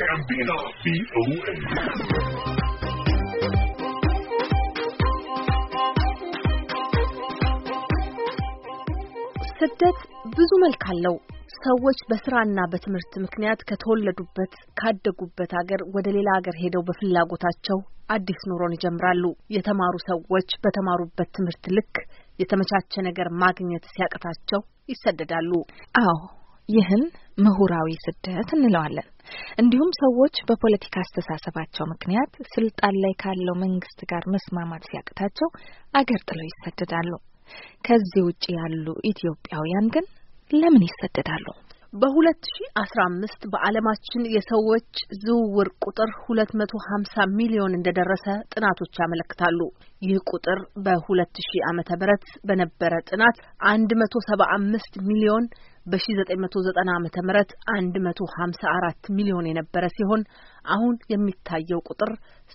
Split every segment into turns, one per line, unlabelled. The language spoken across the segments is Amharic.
ጋቢና ቪኦኤ
ስደት ብዙ መልክ አለው። ሰዎች በስራና በትምህርት ምክንያት ከተወለዱበት ካደጉበት አገር ወደ ሌላ አገር ሄደው በፍላጎታቸው አዲስ ኑሮን ይጀምራሉ። የተማሩ ሰዎች በተማሩበት ትምህርት ልክ የተመቻቸ ነገር ማግኘት ሲያቅታቸው ይሰደዳሉ። አዎ ይህን ምሁራዊ ስደት እንለዋለን። እንዲሁም ሰዎች በፖለቲካ አስተሳሰባቸው ምክንያት ስልጣን ላይ ካለው መንግስት ጋር መስማማት ሲያቅታቸው አገር ጥለው ይሰደዳሉ። ከዚህ ውጭ ያሉ ኢትዮጵያውያን ግን ለምን ይሰደዳሉ? በ2015 በዓለማችን የሰዎች ዝውውር ቁጥር 250 ሚሊዮን እንደደረሰ ጥናቶች ያመለክታሉ። ይህ ቁጥር በ2000 ዓመተ ምህረት በነበረ ጥናት 175 ሚሊዮን በ1990 ዓመተ 154 ሚሊዮን የነበረ ሲሆን አሁን የሚታየው ቁጥር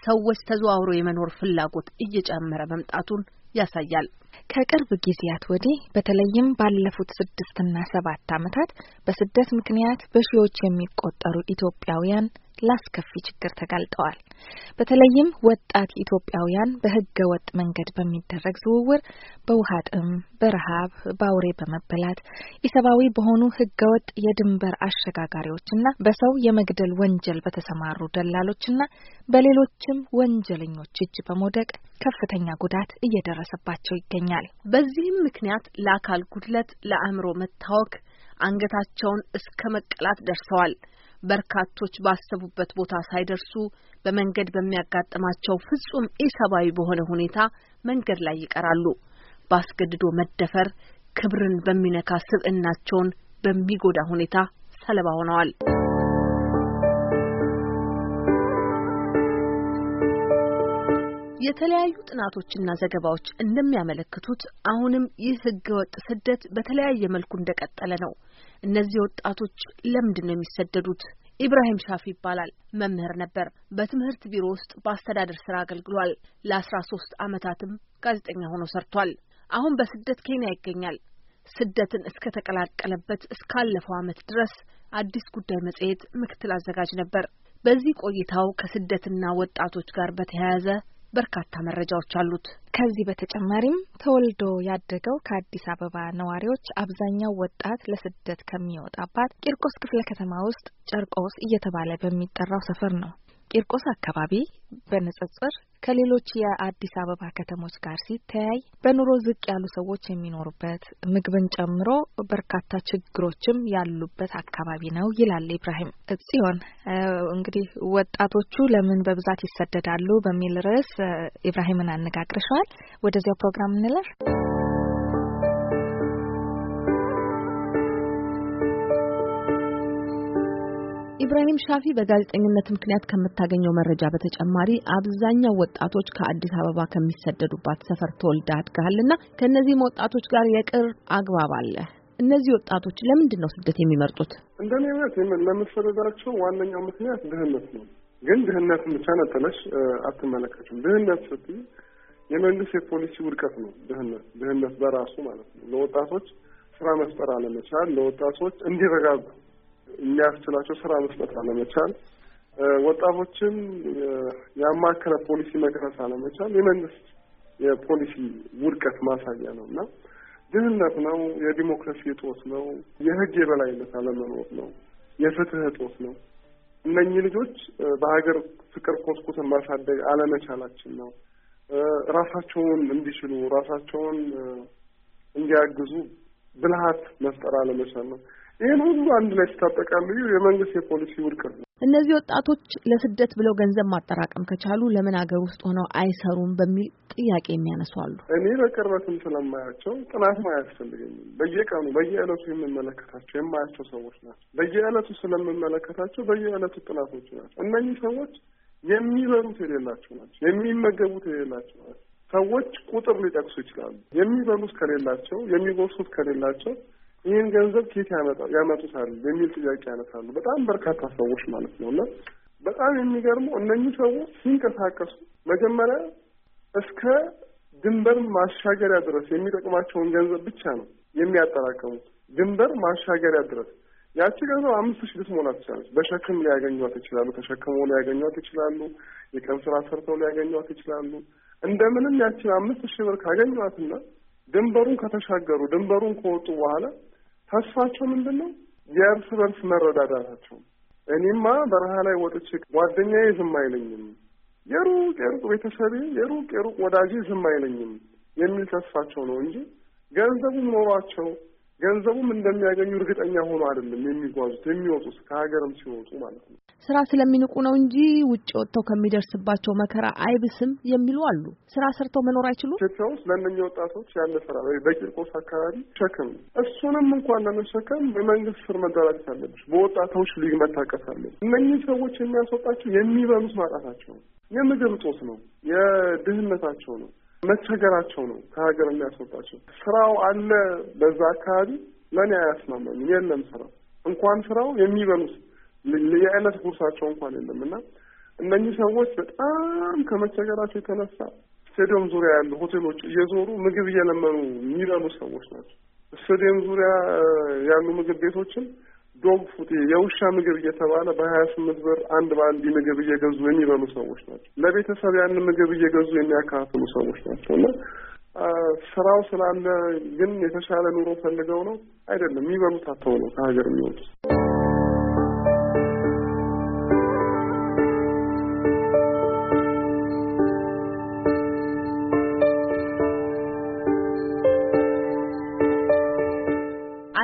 ሰዎች ተዘዋውሮ የመኖር ፍላጎት እየጨመረ መምጣቱን ያሳያል። ከቅርብ ጊዜያት ወዲህ በተለይም ባለፉት ስድስትና ሰባት ዓመታት በስደት ምክንያት በሺዎች የሚቆጠሩ ኢትዮጵያውያን ላስከፊ ችግር ተጋልጠዋል። በተለይም ወጣት ኢትዮጵያውያን በህገ ወጥ መንገድ በሚደረግ ዝውውር በውሃ ጥም፣ በረሃብ፣ በአውሬ በመበላት ኢሰብአዊ በሆኑ ህገ ወጥ የድንበር አሸጋጋሪዎችና በሰው የመግደል ወንጀል በተሰማሩ ደላሎችና በሌሎችም ወንጀለኞች እጅ በመውደቅ ከፍተኛ ጉዳት እየደረሰባቸው ይገኛል። በዚህም ምክንያት ለአካል ጉድለት፣ ለአእምሮ መታወክ አንገታቸውን እስከ መቀላት ደርሰዋል። በርካቶች ባሰቡበት ቦታ ሳይደርሱ በመንገድ በሚያጋጥማቸው ፍጹም ኢሰብአዊ በሆነ ሁኔታ መንገድ ላይ ይቀራሉ። በአስገድዶ መደፈር ክብርን በሚነካ ስብዕናቸውን በሚጎዳ ሁኔታ ሰለባ ሆነዋል። የተለያዩ ጥናቶችና ዘገባዎች እንደሚያመለክቱት አሁንም ይህ ህገወጥ ስደት በተለያየ መልኩ እንደቀጠለ ነው። እነዚህ ወጣቶች ለምንድን ነው የሚሰደዱት? ኢብራሂም ሻፊ ይባላል። መምህር ነበር። በትምህርት ቢሮ ውስጥ በአስተዳደር ስራ አገልግሏል። ለአስራ ሶስት አመታትም ጋዜጠኛ ሆኖ ሰርቷል። አሁን በስደት ኬንያ ይገኛል። ስደትን እስከ ተቀላቀለበት እስካለፈው አመት ድረስ አዲስ ጉዳይ መጽሔት ምክትል አዘጋጅ ነበር። በዚህ ቆይታው ከስደትና ወጣቶች ጋር በተያያዘ በርካታ መረጃዎች አሉት። ከዚህ በተጨማሪም ተወልዶ ያደገው ከአዲስ አበባ ነዋሪዎች አብዛኛው ወጣት ለስደት ከሚወጣባት ቂርቆስ ክፍለ ከተማ ውስጥ ጨርቆስ እየተባለ በሚጠራው ሰፈር ነው። ቂርቆስ አካባቢ በንጽጽር ከሌሎች የአዲስ አበባ ከተሞች ጋር ሲተያይ በኑሮ ዝቅ ያሉ ሰዎች የሚኖሩበት ምግብን ጨምሮ በርካታ ችግሮችም ያሉበት አካባቢ ነው ይላል ኢብራሂም ጽዮን። እንግዲህ ወጣቶቹ ለምን በብዛት ይሰደዳሉ በሚል ርዕስ ኢብራሂምን አነጋግረሸዋል። ወደዚያው ፕሮግራም እንለፍ። ኢብራሂም ሻፊ በጋዜጠኝነት ምክንያት ከምታገኘው መረጃ በተጨማሪ አብዛኛው ወጣቶች ከአዲስ አበባ ከሚሰደዱባት ሰፈር ተወልደህ አድገሃልና ከእነዚህም ወጣቶች ጋር የቅር አግባብ አለ። እነዚህ ወጣቶች ለምንድን ነው ስደት የሚመርጡት?
እንደኔ እምነት ለመሰደዳቸው ዋነኛው ምክንያት ድህነት ነው። ግን ድህነትን ብቻ ነጥለሽ አትመለከትም። ድህነት ስትይ የመንግስት የፖሊሲ ውድቀት ነው። ድህነት ድህነት በራሱ ማለት ነው ለወጣቶች ስራ መፍጠር አለመቻል፣ ለወጣቶች እንዲረጋጉ የሚያስችላቸው ስራ መስጠት አለመቻል፣ ወጣቶችን ያማከለ ፖሊሲ መቅረጽ አለመቻል የመንግስት የፖሊሲ ውድቀት ማሳያ ነው እና ድህነት ነው፣ የዲሞክራሲ እጦት ነው፣ የህግ የበላይነት አለመኖር ነው፣ የፍትህ እጦት ነው። እነኚህ ልጆች በሀገር ፍቅር ኮትኩትን ማሳደግ አለመቻላችን ነው። ራሳቸውን እንዲችሉ ራሳቸውን እንዲያግዙ ብልሃት መፍጠር አለመቻል ነው። ይህን ሁሉ አንድ ላይ ስታጠቃልዩ የመንግስት የፖሊሲ ውድቀት ነው።
እነዚህ ወጣቶች ለስደት ብለው ገንዘብ ማጠራቀም ከቻሉ ለምን ሀገር ውስጥ ሆነው አይሰሩም በሚል ጥያቄ የሚያነሱ አሉ።
እኔ በቅርበትም ስለማያቸው ጥናት አያስፈልገኝም። በየቀኑ በየዕለቱ የምመለከታቸው የማያቸው ሰዎች ናቸው። በየዕለቱ ስለምመለከታቸው በየዕለቱ ጥናቶች ናቸው። እነኚህ ሰዎች የሚበሉት የሌላቸው ናቸው። የሚመገቡት የሌላቸው ናቸው። ሰዎች ቁጥር ሊጠቅሱ ይችላሉ። የሚበሉት ከሌላቸው፣ የሚጎርሱት ከሌላቸው ይህን ገንዘብ ኬት ያመጡታል የሚል ጥያቄ ያነሳሉ። በጣም በርካታ ሰዎች ማለት ነው። እና በጣም የሚገርመው እነኚህ ሰዎች ሲንቀሳቀሱ መጀመሪያ እስከ ድንበር ማሻገሪያ ድረስ የሚጠቅማቸውን ገንዘብ ብቻ ነው የሚያጠራቀሙት። ድንበር ማሻገሪያ ድረስ ያቺ ገንዘብ አምስት ሺህ ልትሞላ ትችላለች። በሸክም ሊያገኟት ይችላሉ። ተሸክመው ሊያገኟት ይችላሉ። የቀን ስራ ሰርተው ሊያገኟት ይችላሉ። እንደምንም ያችን አምስት ሺ ብር ካገኟትና ድንበሩን ከተሻገሩ ድንበሩን ከወጡ በኋላ ተስፋቸው ምንድን ነው? የእርስ በርስ መረዳዳታቸው። እኔማ በረሃ ላይ ወጥቼ ጓደኛዬ ዝም አይለኝም፣ የሩቅ የሩቅ ቤተሰቤ፣ የሩቅ የሩቅ ወዳጄ ዝም አይለኝም የሚል ተስፋቸው ነው እንጂ ገንዘቡም ኖሯቸው ገንዘቡም እንደሚያገኙ እርግጠኛ ሆኖ አይደለም የሚጓዙት የሚወጡት ከሀገርም ሲወጡ ማለት ነው።
ስራ ስለሚንቁ ነው እንጂ ውጭ ወጥተው ከሚደርስባቸው መከራ አይብስም የሚሉ አሉ። ስራ
ሰርተው መኖር አይችሉም። ኢትዮጵያ ውስጥ ለእነኛ ወጣቶች ያለ ስራ በቂርቆስ አካባቢ ሸክም እሱንም እንኳን ለመሸከም በመንግስት ስር መደራጀት አለብሽ። በወጣቶች ሊግ መታቀፍ አለብሽ። እነኚህ ሰዎች የሚያስወጣቸው የሚበሉት ማጣታቸው ነው፣ የምግብ ጦስ ነው፣ የድህነታቸው ነው፣ መቸገራቸው ነው ከሀገር የሚያስወጣቸው። ስራው አለ በዛ አካባቢ ለእኔ አያስማማኝም። የለም ስራው እንኳን ስራው የሚበሉት የዕለት ጉርሳቸው እንኳን የለም እና እነኚህ ሰዎች በጣም ከመቸገራቸው የተነሳ ስቴዲየም ዙሪያ ያሉ ሆቴሎች እየዞሩ ምግብ እየለመኑ የሚበሉ ሰዎች ናቸው። ስቴዲየም ዙሪያ ያሉ ምግብ ቤቶችን ዶግ ፉድ የውሻ ምግብ እየተባለ በሀያ ስምንት ብር አንድ በአንድ ምግብ እየገዙ የሚበሉ ሰዎች ናቸው። ለቤተሰብ ያን ምግብ እየገዙ የሚያካፍሉ ሰዎች ናቸው እና ስራው ስላለ ግን የተሻለ ኑሮ ፈልገው ነው አይደለም የሚበሉት አተው ነው ከሀገር የሚወጡት።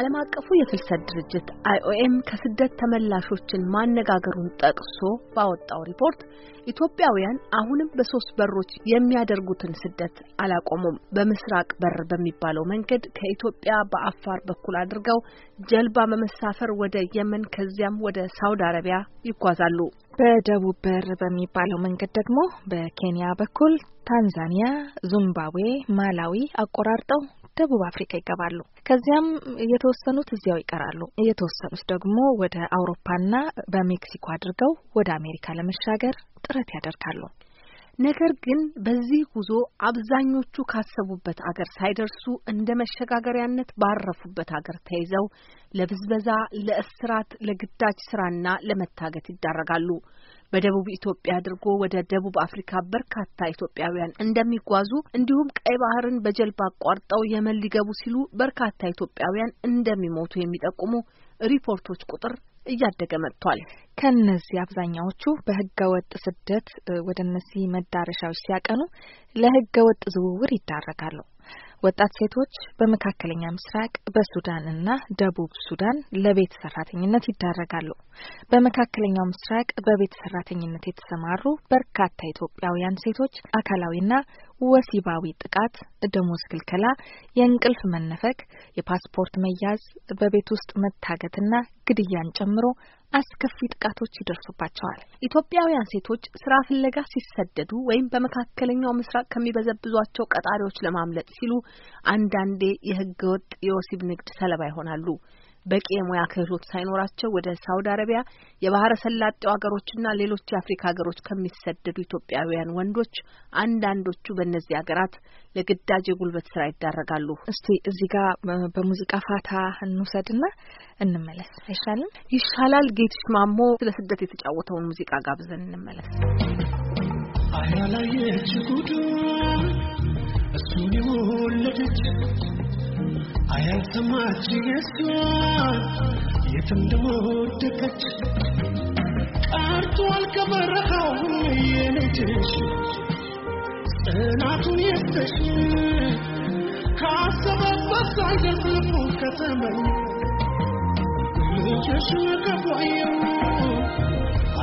ዓለም አቀፉ የፍልሰት ድርጅት አይኦኤም ከስደት ተመላሾችን ማነጋገሩን ጠቅሶ ባወጣው ሪፖርት ኢትዮጵያውያን አሁንም በሶስት በሮች የሚያደርጉትን ስደት አላቆሙም። በምስራቅ በር በሚባለው መንገድ ከኢትዮጵያ በአፋር በኩል አድርገው ጀልባ በመሳፈር ወደ የመን ከዚያም ወደ ሳውዲ አረቢያ ይጓዛሉ። በደቡብ በር በሚባለው መንገድ ደግሞ በኬንያ በኩል ታንዛኒያ፣ ዚምባብዌ፣ ማላዊ አቆራርጠው ደቡብ አፍሪካ ይገባሉ። ከዚያም የተወሰኑት እዚያው ይቀራሉ። የተወሰኑት ደግሞ ወደ አውሮፓና በሜክሲኮ አድርገው ወደ አሜሪካ ለመሻገር ጥረት ያደርጋሉ። ነገር ግን በዚህ ጉዞ አብዛኞቹ ካሰቡበት አገር ሳይደርሱ እንደ መሸጋገሪያነት ባረፉበት አገር ተይዘው ለብዝበዛ፣ ለእስራት፣ ለግዳጅ ስራና ለመታገት ይዳረጋሉ። በደቡብ ኢትዮጵያ አድርጎ ወደ ደቡብ አፍሪካ በርካታ ኢትዮጵያውያን እንደሚጓዙ እንዲሁም ቀይ ባህርን በጀልባ አቋርጠው የመን ሊገቡ ሲሉ በርካታ ኢትዮጵያውያን እንደሚሞቱ የሚጠቁሙ ሪፖርቶች ቁጥር እያደገ መጥቷል። ከነዚህ አብዛኛዎቹ በህገ ወጥ ስደት ወደ እነዚህ መዳረሻዎች ሲያቀኑ ለህገ ወጥ ዝውውር ይዳረጋሉ። ወጣት ሴቶች በመካከለኛ ምስራቅ በሱዳንና ደቡብ ሱዳን ለቤት ሰራተኝነት ይዳረጋሉ። በመካከለኛው ምስራቅ በቤት ሰራተኝነት የተሰማሩ በርካታ ኢትዮጵያውያን ሴቶች አካላዊና ወሲባዊ ጥቃት፣ ደሞዝ ክልከላ፣ የእንቅልፍ መነፈክ የፓስፖርት መያዝ፣ በቤት ውስጥ መታገትና ግድያን ጨምሮ አስከፊ ጥቃቶች ይደርሱባቸዋል። ኢትዮጵያውያን ሴቶች ስራ ፍለጋ ሲሰደዱ ወይም በመካከለኛው ምስራቅ ከሚበዘብዟቸው ቀጣሪዎች ለማምለጥ ሲሉ አንዳንዴ የህገወጥ የወሲብ ንግድ ሰለባ ይሆናሉ። በቂ የሙያ ክህሎት ሳይኖራቸው ወደ ሳውዲ አረቢያ የባህረ ሰላጤው ሀገሮችና ሌሎች የአፍሪካ ሀገሮች ከሚሰደዱ ኢትዮጵያውያን ወንዶች አንዳንዶቹ በእነዚህ ሀገራት ለግዳጅ የጉልበት ስራ ይዳረጋሉ። እስቲ እዚህ ጋር በሙዚቃ ፋታ እንውሰድና እንመለስ አይሻልም? ይሻላል። ጌትሽ ማሞ ስለ ስደት የተጫወተውን ሙዚቃ ጋብዘን እንመለስ።
አያላየች ጉዱ እሱን የወለደች አያልሰማች የሷ የትም ደሞ ወደቀች ቀርቷል ከበረሃው የነጀች ጽናቱን የስተሽ ካሰበበት ሳይደርስ ልቡ ከተመኝ ልጆች መከፋየው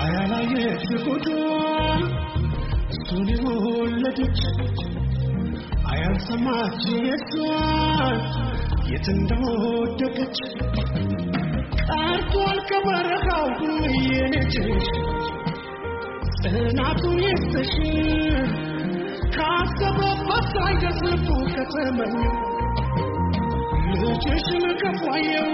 አያላየች ጉዶ እሱን የወለደች አያልሰማች የሷ የት እንደወደቀች ቀርቷል ከበረሃው የኔች ጽናቱን ይስጥሽ ካሰበበት ሳይደርስቡ ከተመኘ ልጅሽን ከፏየው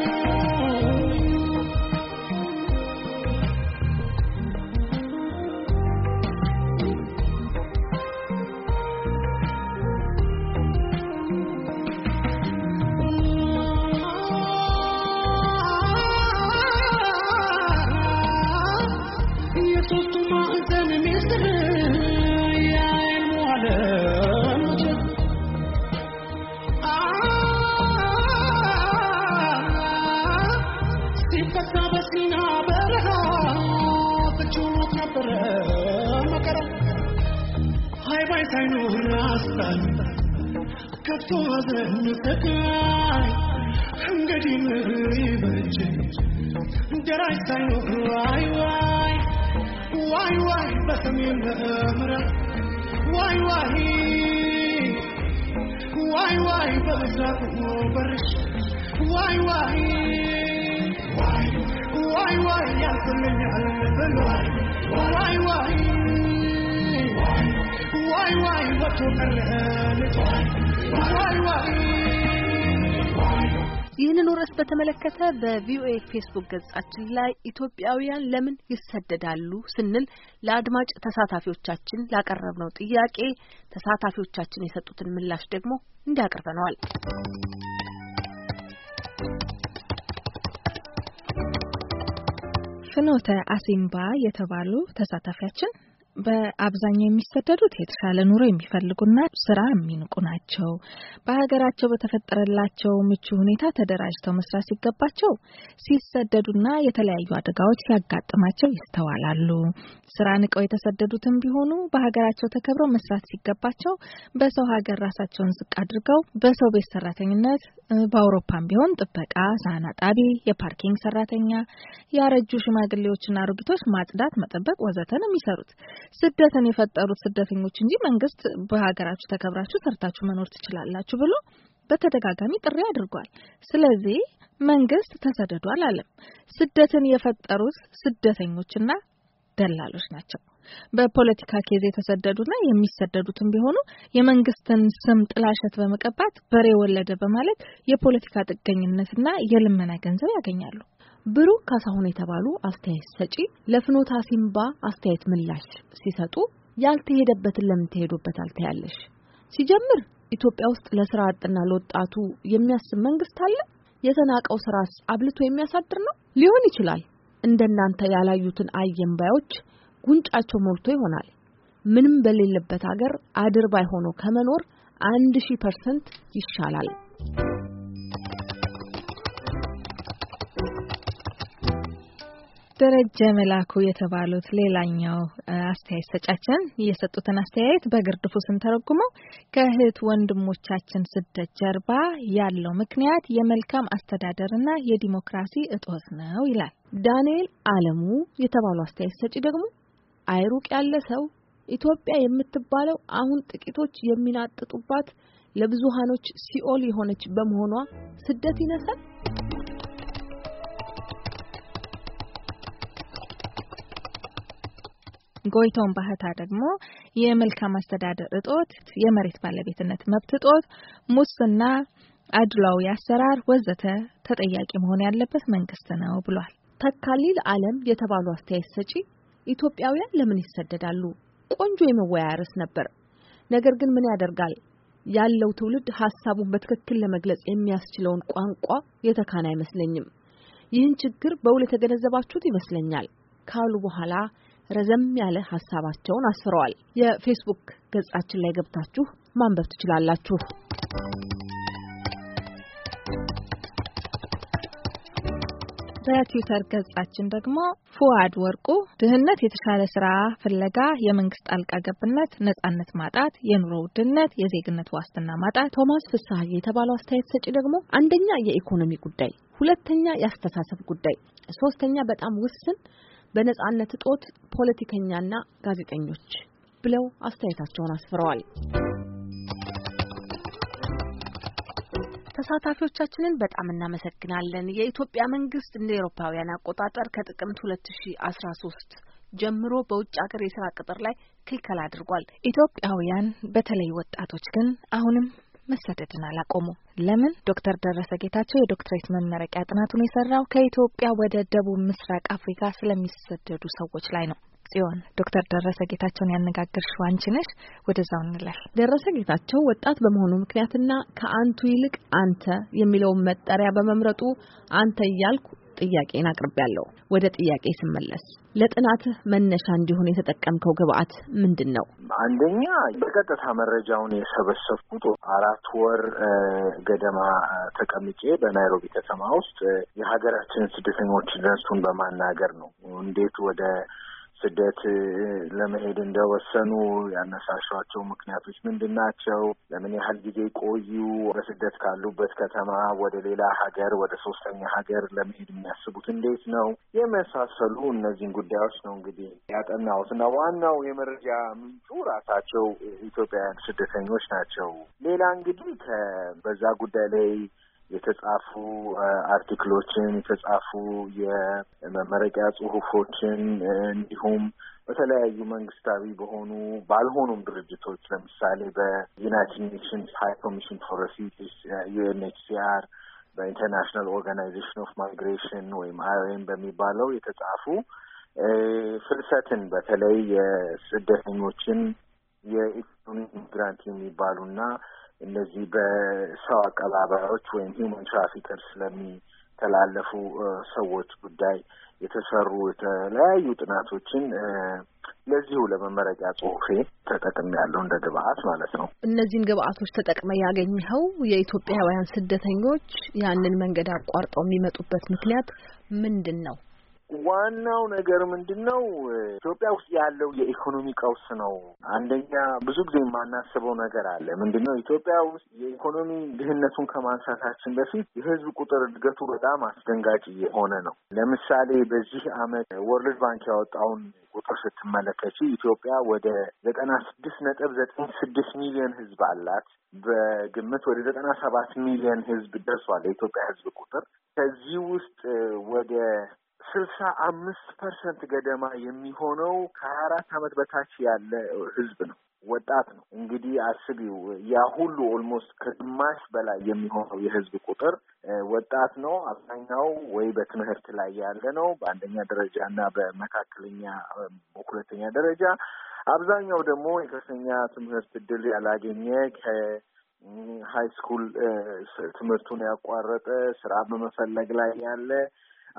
عينوهن عسل ከቶ አዝነን ተቃይ እንግዲህ ምር ይበጅ ደራሽ ሳይኖር ዋይ ዋይ ዋይ ዋይ በሰሜን ምዕራብ ዋይ ዋይ ዋይ ዋይ በምስራቅ በርሽ ዋይ ዋይ ዋይ ዋይ ያልፍልኛል ብሏል ዋይ ዋይ ዋይ ዋይ ልጅ ዋይ ዋይ
ይህንን ርዕስ በተመለከተ በቪኦኤ ፌስቡክ ገጻችን ላይ ኢትዮጵያውያን ለምን ይሰደዳሉ ስንል ለአድማጭ ተሳታፊዎቻችን ላቀረብነው ጥያቄ ተሳታፊዎቻችን የሰጡትን ምላሽ ደግሞ እንዲያቀርበነዋል። ፍኖተ አሲምባ የተባሉ ተሳታፊያችን በአብዛኛው የሚሰደዱት የተሻለ ኑሮ የሚፈልጉና ስራ የሚንቁ ናቸው። በሀገራቸው በተፈጠረላቸው ምቹ ሁኔታ ተደራጅተው መስራት ሲገባቸው ሲሰደዱና የተለያዩ አደጋዎች ሲያጋጥማቸው ይስተዋላሉ። ስራ ንቀው የተሰደዱትም ቢሆኑ በሀገራቸው ተከብረው መስራት ሲገባቸው በሰው ሀገር ራሳቸውን ዝቅ አድርገው በሰው ቤት ሰራተኝነት በአውሮፓም ቢሆን ጥበቃ፣ ሳህን አጣቢ፣ የፓርኪንግ ሰራተኛ፣ ያረጁ ሽማግሌዎችና አሮጊቶች ማጽዳት፣ መጠበቅ ወዘተ ነው የሚሰሩት። ስደትን የፈጠሩት ስደተኞች እንጂ መንግስት በሀገራችሁ ተከብራችሁ ሰርታችሁ መኖር ትችላላችሁ ብሎ በተደጋጋሚ ጥሪ አድርጓል። ስለዚህ መንግስት ተሰደዱ አላለም። ስደትን የፈጠሩት ስደተኞችና ደላሎች ናቸው። በፖለቲካ ኬዝ የተሰደዱና የሚሰደዱትም ቢሆኑ የመንግስትን ስም ጥላሸት በመቀባት በሬ ወለደ በማለት የፖለቲካ ጥገኝነትና የልመና ገንዘብ ያገኛሉ። ብሩክ ካሳሁን የተባሉ አስተያየት ሰጪ ለፍኖታ ሲምባ አስተያየት ምላሽ ሲሰጡ ያልተሄደበትን ለምን ተሄዶበታል ሲጀምር ኢትዮጵያ ውስጥ ለስራ አጥና ለወጣቱ የሚያስብ መንግስት አለ? የተናቀው ስራስ አብልቶ የሚያሳድር ነው? ሊሆን ይችላል። እንደናንተ ያላዩትን አየን ባዮች ጉንጫቸው ሞልቶ ይሆናል። ምንም በሌለበት ሀገር አድር ሆኖ ከመኖር አንድ ሺህ ፐርሰንት ይሻላል። ደረጀ መላኩ የተባሉት ሌላኛው አስተያየት ሰጫችን የሰጡትን አስተያየት በግርድፉ ስንተረጉመው ከእህት ወንድሞቻችን ስደት ጀርባ ያለው ምክንያት የመልካም አስተዳደርና የዲሞክራሲ እጦት ነው ይላል። ዳንኤል አለሙ የተባሉ አስተያየት ሰጪ ደግሞ አይሩቅ ያለ ሰው ኢትዮጵያ የምትባለው አሁን ጥቂቶች የሚናጥጡባት ለብዙሃኖች ሲኦል የሆነች በመሆኗ ስደት ይነሳል። ጎይቶም ባህታ ደግሞ የመልካም አስተዳደር እጦት፣ የመሬት ባለቤትነት መብት እጦት፣ ሙስና፣ አድሏዊ አሰራር ወዘተ ተጠያቂ መሆን ያለበት መንግስት ነው ብሏል። ተካሊል አለም የተባሉ አስተያየት ሰጪ ኢትዮጵያውያን ለምን ይሰደዳሉ? ቆንጆ የመወያያ ርዕስ ነበር። ነገር ግን ምን ያደርጋል ያለው ትውልድ ሀሳቡን በትክክል ለመግለጽ የሚያስችለውን ቋንቋ የተካን አይመስለኝም። ይህን ችግር በውል የተገነዘባችሁት ይመስለኛል ካሉ በኋላ ረዘም ያለ ሀሳባቸውን አስፍረዋል። የፌስቡክ ገጻችን ላይ ገብታችሁ ማንበብ ትችላላችሁ። በትዊተር ገጻችን ደግሞ ፉአድ ወርቁ ድህነት፣ የተሻለ ስራ ፍለጋ፣ የመንግስት ጣልቃ ገብነት፣ ነጻነት ማጣት፣ የኑሮ ውድነት፣ የዜግነት ዋስትና ማጣት። ቶማስ ፍስሐ የተባለው አስተያየት ሰጪ ደግሞ አንደኛ የኢኮኖሚ ጉዳይ፣ ሁለተኛ የአስተሳሰብ ጉዳይ፣ ሶስተኛ በጣም ውስን በነጻነት እጦት ፖለቲከኛና ጋዜጠኞች ብለው አስተያየታቸውን አስፍረዋል። ተሳታፊዎቻችንን በጣም እናመሰግናለን። የኢትዮጵያ መንግስት እንደ ኤሮፓውያን አቆጣጠር ከጥቅምት ሁለት ሺ አስራ ሶስት ጀምሮ በውጭ ሀገር የስራ ቅጥር ላይ ክልከላ አድርጓል። ኢትዮጵያውያን በተለይ ወጣቶች ግን አሁንም መሰደድን አላቆሙ። ለምን? ዶክተር ደረሰ ጌታቸው የዶክትሬት መመረቂያ ጥናቱን የሰራው ከኢትዮጵያ ወደ ደቡብ ምስራቅ አፍሪካ ስለሚሰደዱ ሰዎች ላይ ነው። ጽዮን፣ ዶክተር ደረሰ ጌታቸውን ያነጋገርሽው አንቺ ነሽ። ወደዛው እንላል። ደረሰ ጌታቸው ወጣት በመሆኑ ምክንያትና ከአንቱ ይልቅ አንተ የሚለውን መጠሪያ በመምረጡ አንተ እያልኩ ጥያቄን አቅርቤያለሁ። ወደ ጥያቄ ስመለስ ለጥናትህ መነሻ እንዲሆን የተጠቀምከው ግብአት ምንድን ነው?
አንደኛ በቀጥታ መረጃውን የሰበሰብኩት አራት ወር ገደማ ተቀምጬ በናይሮቢ ከተማ ውስጥ የሀገራችን ስደተኞች እነሱን በማናገር ነው እንዴት ወደ ስደት ለመሄድ እንደወሰኑ ያነሳሿቸው ምክንያቶች ምንድን ናቸው? ለምን ያህል ጊዜ ቆዩ? በስደት ካሉበት ከተማ ወደ ሌላ ሀገር ወደ ሶስተኛ ሀገር ለመሄድ የሚያስቡት እንዴት ነው? የመሳሰሉ እነዚህን ጉዳዮች ነው እንግዲህ ያጠናሁት እና ዋናው የመረጃ ምንጩ ራሳቸው ኢትዮጵያውያን ስደተኞች ናቸው። ሌላ እንግዲህ በዛ ጉዳይ ላይ የተጻፉ አርቲክሎችን፣ የተጻፉ የመመረቂያ ጽሁፎችን እንዲሁም በተለያዩ መንግስታዊ በሆኑ ባልሆኑም ድርጅቶች ለምሳሌ በዩናይትድ ኔሽንስ ሃይ ኮሚሽን ፎር ሬፊውጂስ ዩኤንኤችሲአር በኢንተርናሽናል ኦርጋናይዜሽን ኦፍ ማይግሬሽን ወይም አይኦኤም በሚባለው የተጻፉ ፍልሰትን በተለይ የስደተኞችን የኢኮኖሚ ሚግራንት የሚባሉና እነዚህ በሰው አቀባባዮች ወይም ሂውማን ትራፊከር ስለሚተላለፉ ሰዎች ጉዳይ የተሰሩ የተለያዩ ጥናቶችን ለዚሁ ለመመረቂያ ጽሁፌ ተጠቅም ያለው እንደ ግብአት ማለት ነው።
እነዚህን ግብአቶች ተጠቅመ ያገኘኸው የኢትዮጵያውያን ስደተኞች ያንን መንገድ አቋርጠው የሚመጡበት ምክንያት ምንድን ነው?
ዋናው ነገር ምንድን ነው? ኢትዮጵያ ውስጥ ያለው የኢኮኖሚ ቀውስ ነው። አንደኛ ብዙ ጊዜ የማናስበው ነገር አለ። ምንድን ነው? ኢትዮጵያ ውስጥ የኢኮኖሚ ድህነቱን ከማንሳታችን በፊት የህዝብ ቁጥር እድገቱ በጣም አስደንጋጭ የሆነ ነው። ለምሳሌ በዚህ አመት ወርልድ ባንክ ያወጣውን ቁጥር ስትመለከች ኢትዮጵያ ወደ ዘጠና ስድስት ነጥብ ዘጠኝ ስድስት ሚሊዮን ህዝብ አላት። በግምት ወደ ዘጠና ሰባት ሚሊዮን ህዝብ ደርሷል የኢትዮጵያ ህዝብ ቁጥር ከዚህ ውስጥ ወደ ስልሳ አምስት ፐርሰንት ገደማ የሚሆነው ከሀያ አራት ዓመት በታች ያለ ህዝብ ነው፣ ወጣት ነው። እንግዲህ አስቢው ያ ሁሉ ኦልሞስት ከግማሽ በላይ የሚሆነው የህዝብ ቁጥር ወጣት ነው። አብዛኛው ወይ በትምህርት ላይ ያለ ነው በአንደኛ ደረጃ እና በመካከለኛ በሁለተኛ ደረጃ፣ አብዛኛው ደግሞ የከፍተኛ ትምህርት እድል ያላገኘ ከሀይ ስኩል ትምህርቱን ያቋረጠ ስራ በመፈለግ ላይ ያለ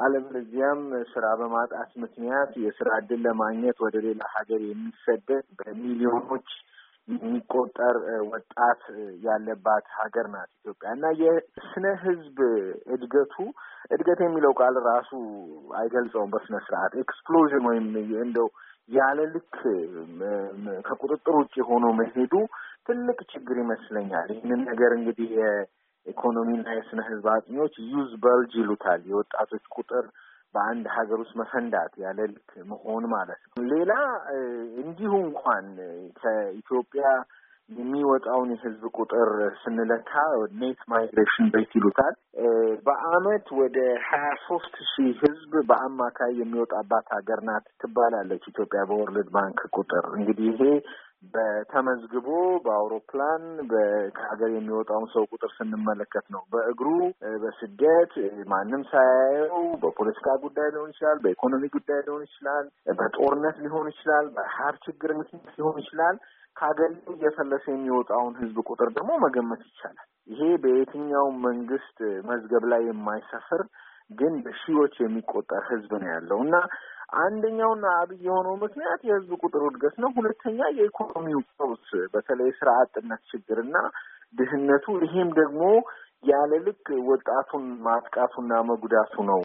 አለበለዚያም ስራ በማጣት ምክንያት የስራ እድል ለማግኘት ወደ ሌላ ሀገር የሚሰደድ በሚሊዮኖች የሚቆጠር ወጣት ያለባት ሀገር ናት ኢትዮጵያ እና የስነ ህዝብ እድገቱ እድገት የሚለው ቃል ራሱ አይገልጸውም በስነ ስርዓት ኤክስፕሎዥን ወይም እንደው ያለ ልክ ከቁጥጥር ውጭ ሆኖ መሄዱ ትልቅ ችግር ይመስለኛል። ይህንን ነገር እንግዲህ ኢኮኖሚና የስነ ህዝብ አጥኚዎች ዩዝ በልጅ ይሉታል። የወጣቶች ቁጥር በአንድ ሀገር ውስጥ መፈንዳት ያለ ልክ መሆን ማለት ነው። ሌላ እንዲሁ እንኳን ከኢትዮጵያ የሚወጣውን የህዝብ ቁጥር ስንለካ ኔት ማይግሬሽን ቤት ይሉታል። በአመት ወደ ሀያ ሶስት ሺህ ህዝብ በአማካይ የሚወጣባት ሀገር ናት ትባላለች ኢትዮጵያ በወርልድ ባንክ ቁጥር። እንግዲህ ይሄ በተመዝግቦ በአውሮፕላን ከሀገር የሚወጣውን ሰው ቁጥር ስንመለከት ነው። በእግሩ በስደት ማንም ሳያየው በፖለቲካ ጉዳይ ሊሆን ይችላል፣ በኢኮኖሚ ጉዳይ ሊሆን ይችላል፣ በጦርነት ሊሆን ይችላል፣ በረሃብ ችግር ምክንያት ሊሆን ይችላል። ከሀገር እየፈለሰ የሚወጣውን ህዝብ ቁጥር ደግሞ መገመት ይቻላል። ይሄ በየትኛውም መንግስት መዝገብ ላይ የማይሰፍር ግን በሺዎች የሚቆጠር ህዝብ ነው ያለው እና አንደኛውና አብይ የሆነው ምክንያት የህዝብ ቁጥር እድገት ነው። ሁለተኛ የኢኮኖሚው ቀውስ፣ በተለይ ስራ አጥነት ችግርና ድህነቱ፣ ይሄም ደግሞ ያለ ልክ ወጣቱን ማጥቃቱና መጉዳቱ ነው።